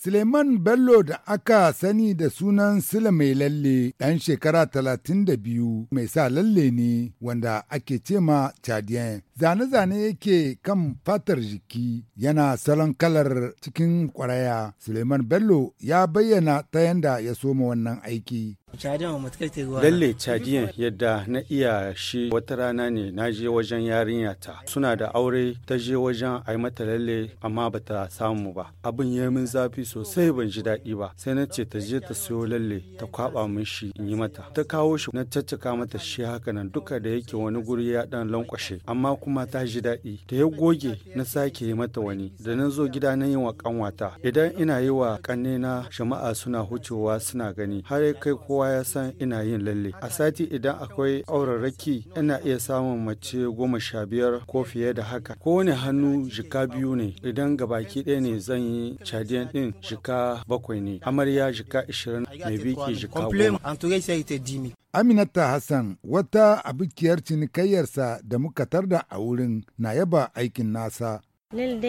Suleiman Bello da aka sani da sunan Sula mai lalle ɗan shekara 32 mai sa lalle ne wanda ake cema ma Chadian zane-zane yake kan fatar jiki yana salon kalar cikin kwaraya suleiman bello ya bayyana ta yadda ya soma wannan aiki lalle cadiyan yadda na iya shi wata rana ne na je wajen yarinya ta suna da aure ta je wajen a mata lalle amma ba ta samu ba abin ya min zafi sosai ban ji daɗi ba sai na ce ta je ta siyo lalle ta kwaba min shi in yi mata ta kawo shi na caccaka mata shi haka nan duka da yake wani guri ya dan lankwashe amma kuma ta ji daɗi da ya goge na sake yi mata wani da na zo gida na yin wa kanwata idan ina yi wa kanne na jama'a suna hucewa suna gani har ya kai kowa ya san ina yin lalle a sati idan akwai auraraki ina iya samun mace goma sha biyar ko fiye da haka kowane hannu jika biyu ne idan gabaki ɗaya ne zan yi cadiyan ɗin jika bakwai ne amarya jika ashirin mai biki jika goma Aminata Hassan wata abikiyar cinikayyarsa da muka tarda a wurin na yaba aikin nasa Lalle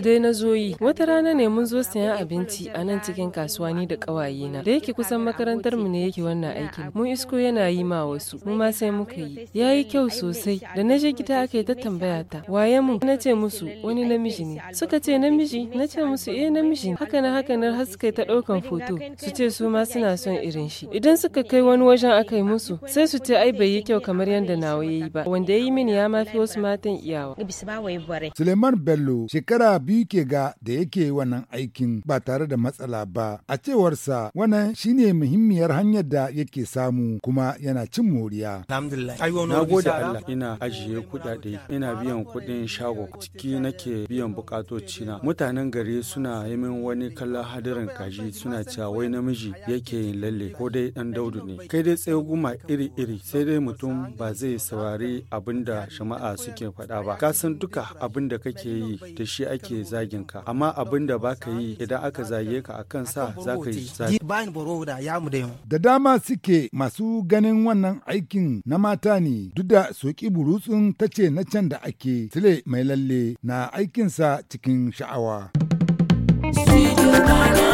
dai na zo yi. Wata rana ne mun zo sayan abinci a nan cikin kasuwa ni da kawaye na. Da yake kusan makarantar mu ne yake wannan aikin. Mun isko yana yi ma wasu. Mu ma sai muka yi. Ya kyau sosai. Da na je gida aka yi ta tambaya ta. Waye mu? Na ce musu wani namiji ne. Suka ce namiji? Na ce musu eh namiji. Haka na haka na har suka ta ɗaukan foto. Su ce su ma suna son irin shi. Idan suka kai wani wajen aka yi musu sai su ce ai bai yi kyau kamar yadda nawa yayi ba. Wanda ya yi mini ya mafi wasu matan iyawa. Suleiman Bello shekara biyu ke ga da yake wannan aikin ba tare da matsala ba. A cewarsa wannan shine muhimmiyar hanyar da yake samu kuma yana cin moriya. Na gode Allah ina ajiye kuɗaɗe ina biyan kuɗin shago ciki nake biyan bukatocina. Mutanen gari suna yi min wani kallon hadirin kaji suna cewa wai namiji yake yin lalle ko dai ɗan daudu ne. Kai dai tsaye guma iri-iri sai dai mutum ba zai saurari abin da jama'a suke faɗa ba. Ka san duka abin da kake yi da shi ake zagin ka amma abin da baka yi idan aka zage ka a kan sa za ka yi zagi. Da dama suke masu ganin wannan aikin na mata ne duk da soki burutsun ta ce na can da ake tile mai lalle na aikinsa cikin sha'awa.